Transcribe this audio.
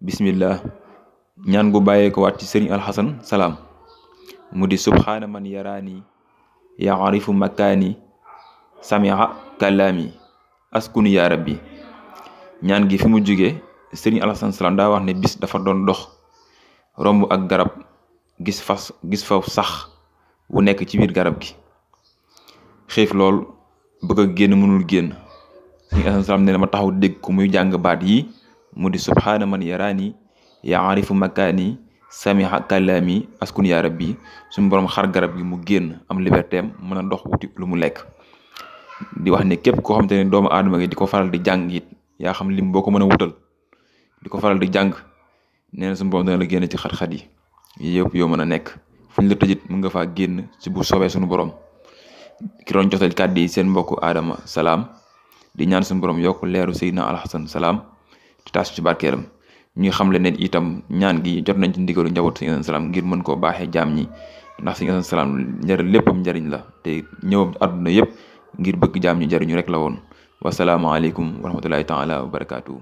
bismillah ñaan gu bàyyee waat ci sëriñ alxasan salaam mu di subhaana man yaraani yaarifu makaani samiha kalaami askunu yaa rabbi ñaan gi fi mu jóge sëriñ alxasan salaam daa wax ne bis dafa doon dox romb ak garab gis fas gis fa sax bu nekk ci biir garab gi xiif lool bëgg a génn mënul génn sëriñ alxasan salaam ne ma taxaw dégg ko muy jàng baat yi mu di subhaana man yaraani arifu makaani samiha kalaami askun yaa rabbi suñu borom xar garab gi mu génn am liberté am mën a dox wuti lu mu lekk di wax ne képp koo xamante ne doomu aadama gi di ko faral di jàng yit yaa xam lim boo ko mën a wutal di ko faral di jàng nee na suñu borom la génn ci xat-xat yi yëpp yoo mën a nekk fu ñu la tëjit mën nga faa génn ci bu soobee suñu borom ki doon jotal kàddu yi seen mbokku aadama salaam di ñaan suñu borom yokk leeru Seydina Alxasan salaam taas ci barkeelam ñuy xamle ne itam ñaan gi jot nañ ci ndigalu njaboot si Assane salaam ngir mën koo baaxee jaam ñi ndax sëñ Assane Salam njëriñ léppam njëriñ la te ñëwam àdduna yëpp ngir bëgg jaam ñi jëriñu rek la woon wasalaamaaleykum wa rahmatullahi taala wa barakaatu.